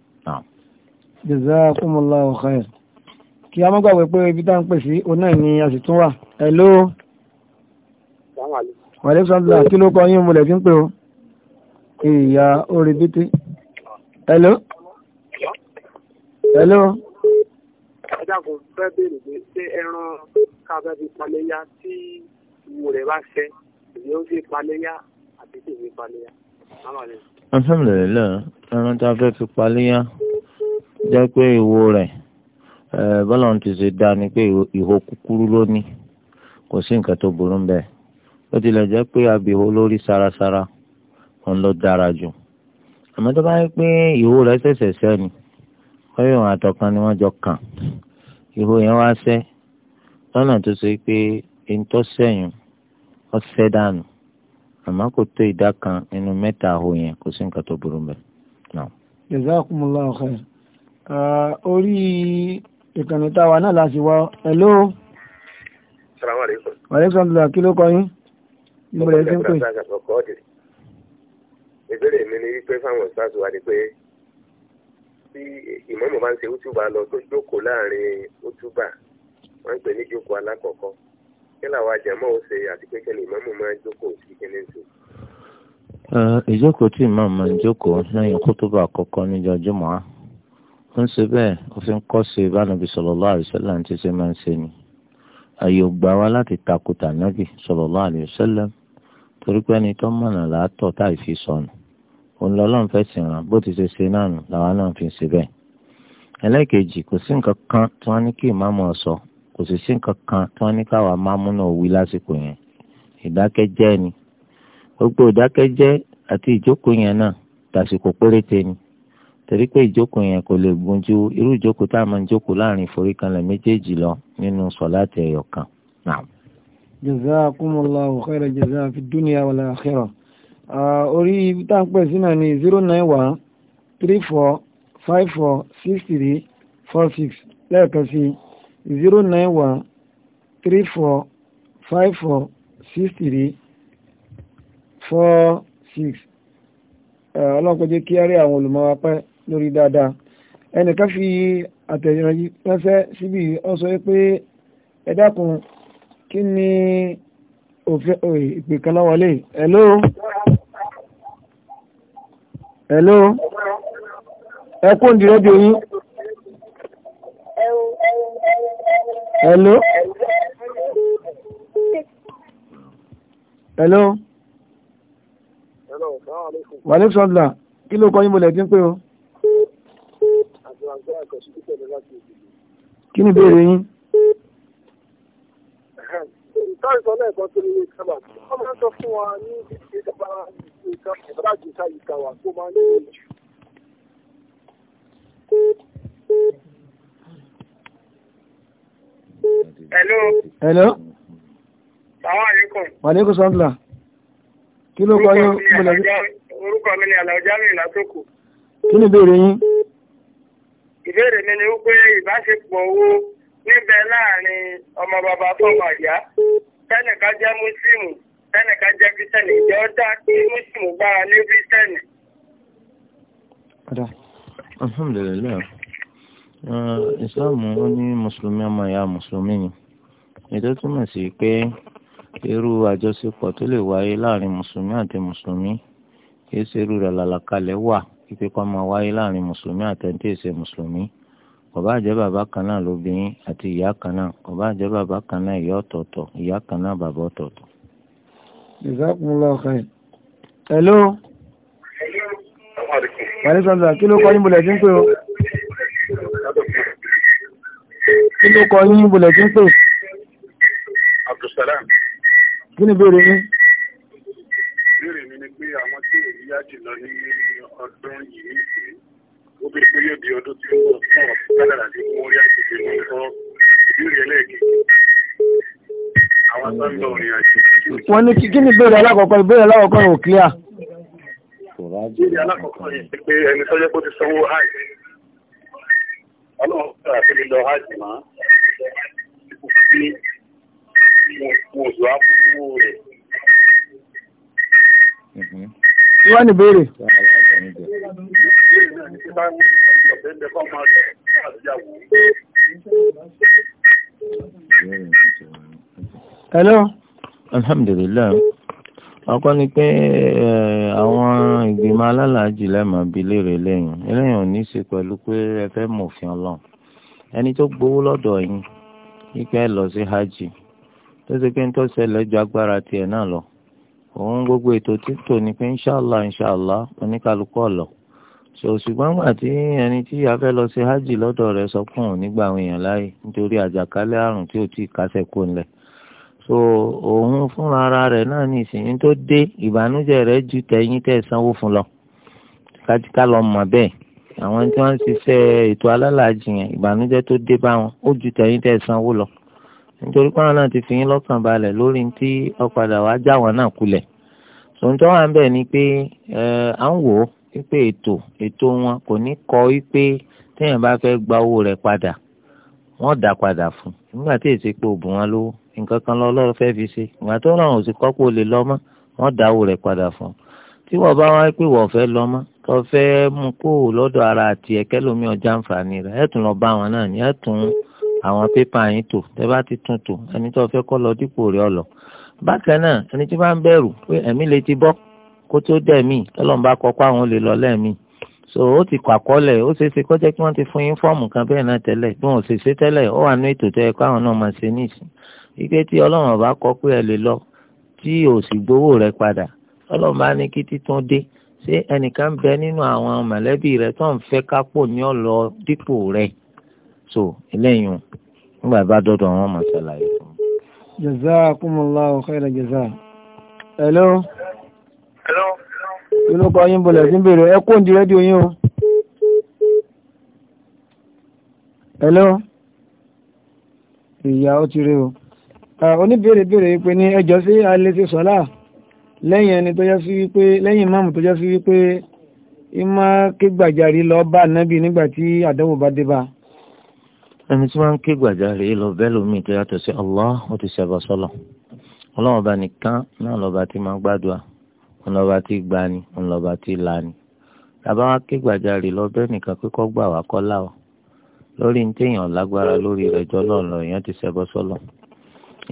jazakumullahu khair kí a má gbàgbé pé ibi tá à ń pè sí òun náà ni a sì tún wà hello. wàlẹ́ sọ́dúnlá kí ló kọ yín múlẹ̀ tí ń pè ó ìyá orí bíté hello. hello. ọjà kò fẹ́ béèrè pé ṣé ẹran káfẹ́ fi paléyà tí ìwò rẹ̀ bá ṣẹ́ ìyẹn ó fi paléyà àti kò fi paléyà. alhamdulilayi ẹran tá a fẹ́ fi paléyà. jẹ́ pé ìwo rẹ̀ bọ́lá ń ti ṣe dá ni pé ìwo kúkúrú lónìí, kò sí nǹkan tó burú ń bẹ̀ ó tilẹ̀ jẹ́ lórí sarasara òun ló dára jù àmọ́ tó bá yẹ pé rẹ̀ ṣẹ̀ṣẹ̀ sẹ́ ni àtọ̀kan ni wọ́n jọ kàn ìwo yẹn wá sẹ́ lọ́nà tó ṣe pé ẹni sẹ́yìn sẹ́ dànù àmọ́ kò tó ìdá orí ìkànnì táwa náà láti wá hello. salamu aleykum. aleykum salaam kí ló kọ yín. mo bẹ̀rẹ̀ sí ń pè. ìbéèrè mi ni wípé fáwọn sars wà ní pé tí ìmọ̀mọ̀ bá ń ṣe útúbà lọ tó jókòó láàrin útúbà wọ́n ń pè ní jókòó alákọ̀ọ́kọ́ kí làwọn àjẹmọ́ ò ṣe àti pé kí ni ìmọ̀mọ̀ máa ń jókòó sí kí ni ń ṣe ìjókòó tí màmá ń jókòó lẹ́yìn kótóbà àkọ́kọ́ níjọ́ jùmọ̀ ń ṣe bẹ́ẹ̀ òfin kọ́sẹ̀ ìbánabi sallallahu alaihi wasallam ti ṣe máa ń ṣe ni ààyè gbà wá láti takùtà nábì sallallahu alaihi wasallam torí pé ẹni tó mọ̀nà látọ̀ táì fi sọnù òun lọ́lọ́run fẹ́ sìn ràn bó ti ṣe ṣe náà nù làwọn náà fi ṣe bẹ́ẹ̀. ẹlẹ́ẹ̀kejì kò sí nǹkan kan tí wọ́n ní kí ìmáàmù ọ̀sọ́ kò sì sí nǹkan kan tí wọ́n ní káwa máàmù náà wí lásìkò yẹn ìdákẹ́jẹ́ ni gbogbo ìdákẹ́jẹ́ àti ìjókòó yẹn náà tàsìkò péréte ni torí pé ìjókòó yẹn kò lè gùn ju irú ìjókòó tá a máa ń jókòó láàrin ìforíkanlẹ̀ méjèèjì lọ nínú sọ̀láàtì ẹ̀yọ̀ kan. jazakumullahu khaira jaza fi dunya wal akhirah orí tá a ń pè sí náà ní zero nine one three four five four six three four six lẹ́ẹ̀kan sí zero nine one three four five four six three four six ọlọ́pàá jẹ́ kí á rí àwọn olùmọ̀ wa pẹ́ lórí dáadáa ẹnìkan fi àtẹ̀yìnrìn ránṣẹ́ síbi wọ́n sọ pé ẹ dákun kí ni òfin ìpè kan náà wọlé hello hello ẹ kó ń di rẹ́díò yín hello hello wàlẹ́ sọ́dúnlá kí ló kọ́ yín mo lẹ̀ pé o kí ni ìbéèrè yín. táìsọ lẹ́ẹ̀kan tó ní ìkàbà wọ́n máa ń sọ fún wa ní ìjọba ìjọba ìjọba ìkàwà tó máa ń lè Hello. Hello. Sàwọn àríkùn. Wàlékùn sọ́ńtìlà. Kí ló kọ́ yín? Orúkọ mi ni Àlàó Jamiu Látòkù. Kí ni ìbéèrè yín? ìbéèrè mi ni wípé ìbáṣepọ̀ owó níbẹ̀ láàrin ọmọ bàbá fọmọ àyà tẹ́nìkan jẹ́ mùsùlùmù tẹ́nìkan jẹ́ kírísítẹ́nì ìjọ dá kí mùsùlùmù gbára ní kírísítẹ́nì. alhamdulilayi islam ó ní mùsùlùmí ọmọ ìyá mùsùlùmí ni ètò túmọ̀ sí pé irú àjọṣepọ̀ tó lè wáyé láàrin mùsùlùmí àti mùsùlùmí kì í ṣerú rẹ̀ làlàkalẹ̀ wà kíkẹ́ kọ́ máa wáyé láàrin mùsùlùmí àtẹ̀ǹtì èsè mùsùlùmí kò bá jẹ́ bàbá kan náà lóbìnrin àti ìyá kan náà kò jẹ́ bàbá kan náà ìyá ọ̀tọ̀ọ̀tọ̀ ìyá kan náà bàbá ọ̀tọ̀ọ̀tọ̀. Jazakumullahu khairan. hello. wàlẹ́ sọ́dọ̀ kí ló kọ́ yín bulẹ̀ tí ń pè o. kí ló kọ́ yín bulẹ̀ tí ń pè. Abdulsalam. kí ni ìbéèrè yín. ìbéèrè mi ni pé àwọn tí èyí yá jùlọ ní ọdún yìí sí ó bí pé yóò di ọdún tí ó wọ̀ fún àwọn tó kádàrà sí fún orí àkókò ìlú ọ̀tọ̀ ìbéèrè ẹlẹ́ẹ̀kejì àwọn tó ń lọ òrìn àjò. wọ́n ní kí ni ìbéèrè alákọ̀ọ́kọ́ ìbéèrè alákọ̀ọ́kọ́ ò clear. ìbéèrè alákọ̀ọ́kọ́ yìí ti pé ẹni tó jẹ́ kó ti sanwó hajj ọlọ́run tó àti lílọ hajj mọ́ sí oṣù àkókò rẹ̀. wọ́n ní ìbéèrè hello. alhamdulilayi ọkọ ni pé àwọn ìgbìmọ̀ alálàájì lẹ́mọ̀ bíi léèrè lẹ́yìn eléyìí ò ní í ṣe pẹ̀lú pé ẹ fẹ́ mọ̀ òfin ọlọ́run ẹni tó gbowó lọ́dọ̀ yín nípa ẹ lọ sí hajj tó ṣe pé ń tó ṣẹlẹ̀ ju agbára tiẹ̀ náà lọ òun gbogbo ètò títò ni pé inṣàlá inṣàlá oníkálukú ọ̀lọ́ so ṣùgbọ́n wà tí ẹni tí a fẹ́ lọ sí hajj lọ́dọ̀ rẹ̀ sọ fún òun nígbà àwọn èèyàn láàyè nítorí àjàkálẹ̀ àrùn tí ò tí ì kásẹ̀ so òun fúnra ara rẹ̀ náà ní ìsìn tó dé ìbànújẹ́ rẹ̀ ju tẹ̀yìn tẹ̀ sanwó fún lọ kájíká lọ mọ̀ bẹ́ẹ̀ àwọn tí wọ́n ń ṣiṣẹ́ ètò alálàájì yẹn ìbànújẹ́ tó dé bá wọn ó ju tẹ̀yìn tẹ̀ sanwó lọ nítorí náà ti fi wípé ètò ètò wọn kò ní kọ wípé téèyàn bá fẹ́ gba owó rẹ̀ padà wọ́n dá padà fún un nígbà tí èsì pé òbí wọn lówó nǹkan kan lọ́lọ́rọ̀ fẹ́ fi ṣe ìgbà tó ràn òsì kọ́pọ̀ lè lọ́mọ́ wọ́n dá owó rẹ̀ padà fún un tí wọ́n bá wá pé wọ́n fẹ́ lọ́mọ́ tó fẹ́ mú kó lọ́dọ̀ ara àti ẹ̀kẹ́ lómi ọjà ǹfààní rẹ̀ ẹ̀ tún lọ bá wọn náà ní ẹ̀ tún àwọn pépà yín tò tẹ́ bá ti tún tò ẹni tó fẹ́ kọ́ lọ dípò rẹ̀ ọ̀lọ́ kó tó dẹ̀mí ọlọ́run bá kọ́kọ́ àwọn olè lọ lẹ́ẹ̀mí so ó ti kọ́ àkọọ́lẹ̀ ó ṣeé ṣe kọ́jẹ́ kí wọ́n ti fún yín fọ́ọ̀mù kan bẹ́ẹ̀ náà tẹ́lẹ̀ bí wọ́n ṣe ṣe tẹ́lẹ̀ ó wà ní ètò tó yẹ káwọn náà máa ṣe níìsín wípé tí ọlọ́run bá kọ́ pé ẹ lè lọ tí ò sì gbowó rẹ padà ọlọ́run bá ní kí títún dé ṣé ẹnìkan ń bẹ nínú àwọn mọ̀lẹ́bí rẹ tó ń fẹ́ kápò ní ọ̀lọ́ dípò rẹ so eléyìí nígbà bá dọ́dọ̀ wọn mọ̀ ṣàlàyé fún mi. jazakumullahu khairan jaza. Inú kan yín bọ̀lẹ̀ sí bèèrè, ẹ kó ǹdí rédíò yín o. Hello? Ìyá ó ti rí o. Oníbèrè bèrè pé ní ẹjọ́ sí alẹ́ ti sọ́lá lẹ́yìn ẹni tó jẹ́ sí wípé lẹ́yìn máàmù tó jẹ́ sí wípé ìmọ̀ ké gbàjarì lọ bá nábì nígbà tí àdánwò bá dé bá. Ẹni tí wọ́n ń ké gbàjarì lọ bẹ́ẹ̀ lómi tó yàtọ̀ sí Allah ó ti ṣẹ̀bọ̀ sọ́lọ̀. Ọlọ́run ọba nìkan náà lọ́ba tí máa ń ńlọba tí gbani ńlọba tí lani tàbá wa ké gbàjarè lọ bẹ́ẹ̀ nìkan pé kọ́ gbà wá kọ́ láwọ̀ lórí ní téèyàn lágbára lórí rẹ̀ jọ lọ́nà èèyàn ti ṣẹbọ sọ́lọ̀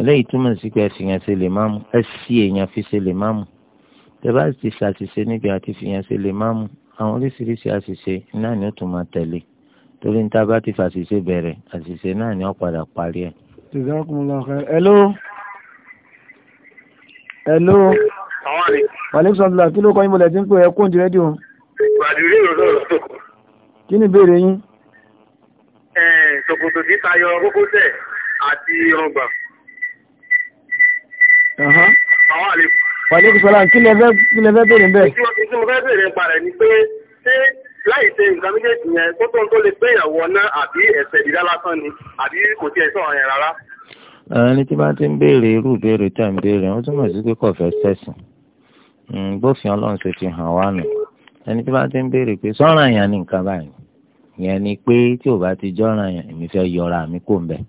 eléyìí túmọ̀ sí pé ẹ̀sìn yẹn ṣe lè máàmù ẹ̀sì èèyàn fi ṣe lè máàmù tẹ bá ti ṣàṣìṣe níbi àti fi yẹn ṣe lè máàmù àwọn oríṣiríṣi àṣìṣe náà ni ó tún máa tẹ̀lé torí níta bá ti fàṣìṣe bẹ̀rẹ̀ àṣìṣe náà ni ó padà parí ẹ̀. ṣùgbọ́n kò mọ̀ lọ́kàn hello hello. Wàlẹ́kùn sọ́dọ̀lá kí ló kọ́ yín mọ̀lẹ̀ tí ń pè ẹ kóǹdì rédíò. Bàdìrí ìrọ̀lọ́rọ̀ tó kù. Kí ni ìbéèrè yín? Ṣòkòtò tí tayọ kókósẹ̀ àti ọgbà. Wàlẹ́kùn sọ́dọ̀lá kí lẹ fẹ́ béèrè ń bẹ̀? Ìtí mo fẹ́ béèrè ń parẹ̀ ni pé ṣé láì ṣe nǹkan méjèèjì yẹn tó tó ń tó lè pé ìyàwó ọ̀nà àbí ẹ̀sẹ̀ ìdílá lásán ni àbí kò tiẹ̀ sọ̀rọ̀ yẹn rárá. Ẹni tí bá ti ń béèrè irú ìbéèrè tá à ń béèrè, wọ́n túmọ̀ sí pé kò fẹ́ sẹ́sìn. Hmm, bófin ọlọ́run ṣe ti hàn wá nù ẹni tí bá ti ń béèrè pé sọ́ràn àyàn ni nǹkan báyìí ìyẹn ni pé tí ò bá ti jọ́ràn àyàn èmi fẹ́ yọra mi kò ń bẹ̀.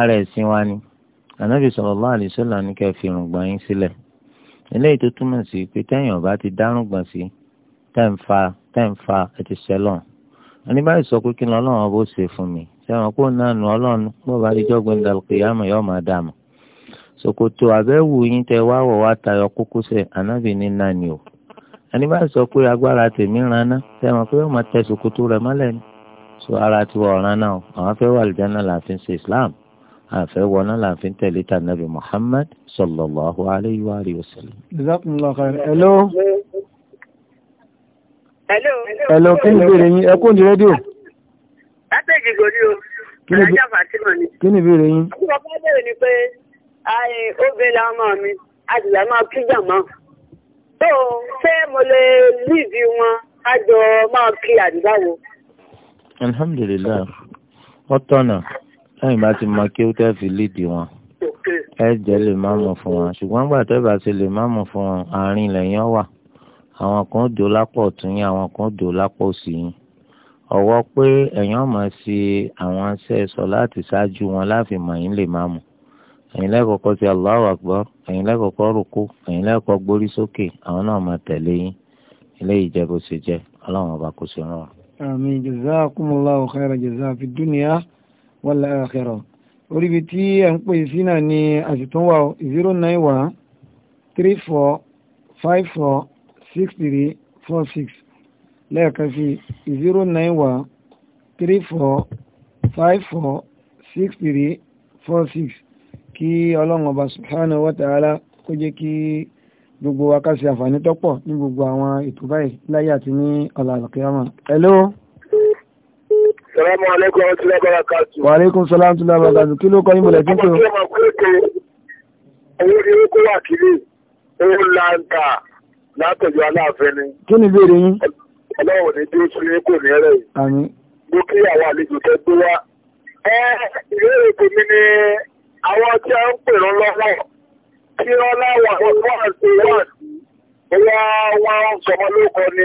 ara ẹ̀sìn wa ni ànábì sallallahu alaihi wasallam ní kẹ́ fi rùngbọ̀n yín sílẹ̀ eléyìí tó túmọ̀ sí pé tẹ́yìn ọ̀bá ti dárùngbọ̀n sí tẹ́ǹfà tẹ́ǹfà ẹ ti sẹ́lọ̀n ẹni báyìí sọ pé kí ni ọlọ́run ọbọ̀ ṣe fún mi ṣé wọn kó náà nu ọlọ́run bó bá rí jọ́gbìn dàlùkì yá mọ̀ yọ́ máa dà ṣòkòtò àbẹ́wò yín tẹ wá wọ̀ wá tayọ kókósẹ̀ ànábì ní nani o ẹni bá sọ pé agbára tèmi raná tẹmọ pé ọmọ tẹ ṣòkòtò rẹ̀ mọ́lẹ̀ ni so ara ti wọ o náà àwọn fẹ́ wà lùjánà láàfin ṣe islam àfẹ́ wọná láàfin tẹ̀lé ta nàbì muhammad sallallahu alayhi wa alihi wa sallam. jazakumullahu khairan hello. hello. hello kí ni ìbéèrè yín ẹ kó ní rédíò. látẹ̀jì gòrí o alájà fatima ni. kí ni ìbéèrè yín. àkùkọ fún bẹ́ẹ̀ ni pé àì obìnrin ọmọ mi àtìlá máa kíjà mọ́. tó ṣé mo lè líìdì wọn á jọ máa kí àdúgbò wo. alhamdulilayi wọ́n tọ̀nà lẹ́yìn bá ti mọ kí ó tẹ́ fi líìdì wọn ẹ jẹ́ lè má mọ̀ fún wọn ṣùgbọ́n gbà tẹ́ bá ti lè má mọ̀ fún wọn àárín lẹ́yìn wà àwọn kan dò lápò ọ̀tún yín àwọn kan dò lápò òsì yín ọ̀wọ́ pé ẹ̀yàn máa ṣe àwọn iṣẹ́ sọ láti ṣáájú wọn láfi mọ̀ yín lè má mọ̀ ẹ̀yin lẹ́kọ̀ọ́kọ́ sí Allahu Akbar ẹ̀yin lẹ́kọ̀ọ́kọ́ rúkú ẹ̀yin lẹ́kọ̀ọ́ gbórí sókè àwọn náà máa tẹ̀lé yín eléyìí jẹ́ bó ṣe jẹ́ ọlọ́run ọba kò sí rán. àmín jazakumullahu khaira jaza fi dunya wal akhirah orí ibi tí ẹ̀ ń pè sí náà ni àṣìtún wa zero nine one three four five four six three four six lẹ́ẹ̀kan sí zero nine one three four five four six three four six kí ọlọ́run ọba subhanahu wa ta'ala kó jẹ́ kí gbogbo wa ká ṣe àǹfààní tọ́pọ̀ ní gbogbo àwọn ètò báyìí láyé àti ní ọ̀la àlùkìyàmà. hello. salamu aleykum wa rahmatulahi wa barakatu. wa aleykum salaam wa rahmatulahi wa barakatu. kí ló kọ́ yín mọ̀lẹ́ tuntun. ọmọ tí wọn kúrò tó owó ní oko wà kiri owó láǹtà látọ̀jọ́ aláàfin ni. kí ni ìbéèrè yín. ọlọ́run ní ní àwọn tí a ń pèrò lọ́wọ́ kí wọ́n láwọn àwọn tí wọ́n ti wà bóyá wọ́n ń sọmọ lóko ni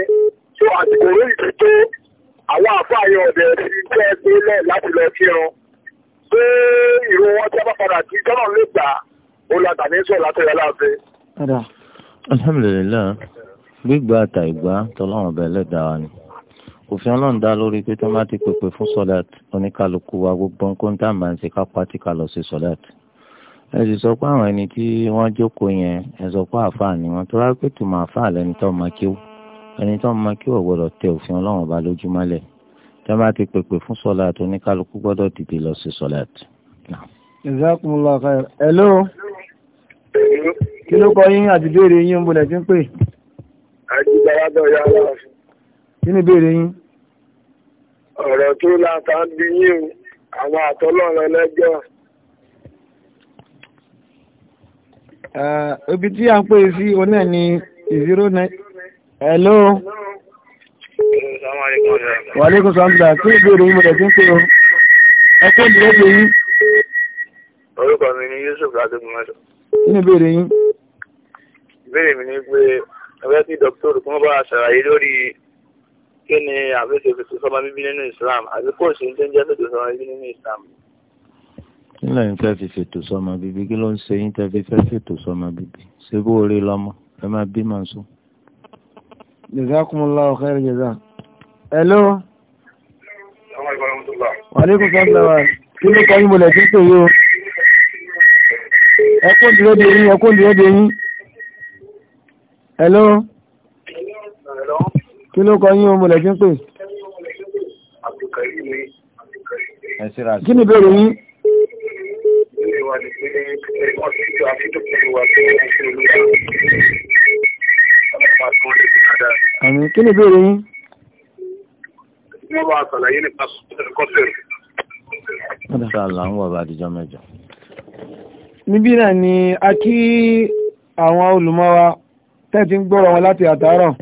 tó àsìkò orí ìdí tó àwọn àfáàyè ọ̀dẹ̀ ti jẹ́ sílẹ̀ láti lọ kírun pé ìró wọn tí a bá padà kí tọ́nà lè gbà ó la tà ní sọ látọ̀yà láàfin. alhamdulilayi gbígbà àtàìgbà tọ́lọ́wọ̀n bẹ́ẹ̀ lẹ́dàá ni òfin ọlọ́run dá lórí pé tó má ti pèpè fún sọ́láàt oníkàlùkù wa gbogbo nǹkan tá a máa ń ṣe kápá tí ká lọ sí sọ́láàt. ẹ sì sọ pé àwọn ẹni tí wọ́n jókòó yẹn ẹ sọ pé àáfàá ni wọ́n tó rárá pé tùmọ̀ àáfàá lẹni tó máa kíw ẹni tó máa kíw ọ̀gbọ́dọ̀ tẹ òfin ọlọ́run bá lójúmọ́lẹ̀ tó má ti pèpè fún sọ́láàt oníkàlùkù gbọ́dọ̀ dìde lọ sí sọ́láàt. jazakumullahu kí ni ìbéèrè yín. ọ̀rọ̀ tó láta ń bí yín àwọn àtọ́lọ́run ẹlẹ́jọ́. ibi tí a ń pè sí òun náà ni zero nine. hello. wa aleykum salaam dà kí ìbéèrè yín mo dẹ̀ ti ń pè o. ẹ kó ìdílé pè yín. orúkọ mi ni Yusuf ládùúgbò. kí ni ìbéèrè yín. ìbéèrè mi ni pé ẹgbẹ́ tí dókítà olùkọ́ bá a ṣàlàyé lórí kí ni àbẹ́sẹ̀ fètò sọmọ bíbí nínú Islam àbí kò sí ní jẹ́ fètò sọmọ bíbí nínú Islam. kí ló ń fẹ́ fi fètò sọmọ bíbí kí ló ń ṣe yín tẹ́ fi fẹ́ fètò sọmọ bíbí ṣé bó rí lọ́mọ ẹ máa bí màá sùn. jazakumullahu khairan jaza. hello. wàlíkùn sọ́ńdà wa kí ló kọ́ yín mo lẹ̀ tí ń pè yí o. ẹkún dúró de yín ẹkún dúró de yín. hello. hello? kí ló kọ yín ọmọ lẹ́kí ń pè. kí ni ìbéèrè yín. àmì kí ni ìbéèrè yín. wọ́n bá a sàlàyé nípa kọ́sẹ̀rì. Ṣàlá ń wọ̀ bá àdìjọ́ Níbí náà ni a kí àwọn olùmọ̀ wa tẹ́ ti ń gbọ́rọ̀ wọn láti àtàárọ̀.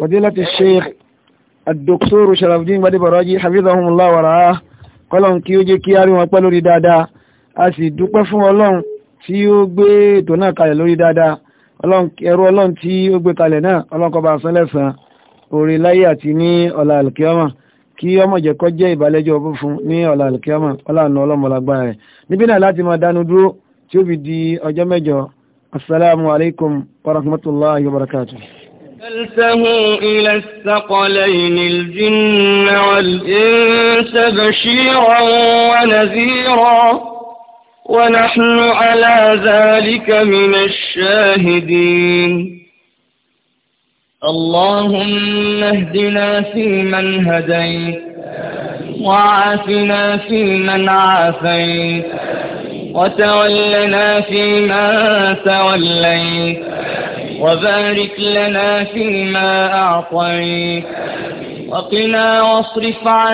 فضيلة الشيخ الدكتور شرف الدين بدي براجي حفظهم الله ورعاه kọ́lọ́n kí ó jẹ́ kí arí wọn pẹ́ lórí dáadáa a sì dúpẹ́ fún ọlọ́run tí ó gbé ètò náà kalẹ̀ lórí dáadáa ẹrú ọlọ́run tí ó gbé kalẹ̀ náà ọlọ́run kó bá san lẹ́san orí láyé àti ní ọ̀la àlùkíyàmà kí ọmọ jẹ́ kó jẹ́ ìbàlẹ́jọ́ ọbọ̀ fún ní ọ̀la àlùkíyàmà ọlọ́run ọlọ́mọlágbá rẹ̀ níbí náà láti máa dánu dúró tí ó fi di ọjọ́ mẹ́jọ assalamu alaikum warahmatullahi wabarakatuh أرسلته إلى الثقلين الجن والإنس بشيرا ونذيرا ونحن على ذلك من الشاهدين اللهم اهدنا فيمن هديت وعافنا فيمن عافيت وتولنا فيما توليت وبارك لنا فيما أعطيت وقنا واصرف عنا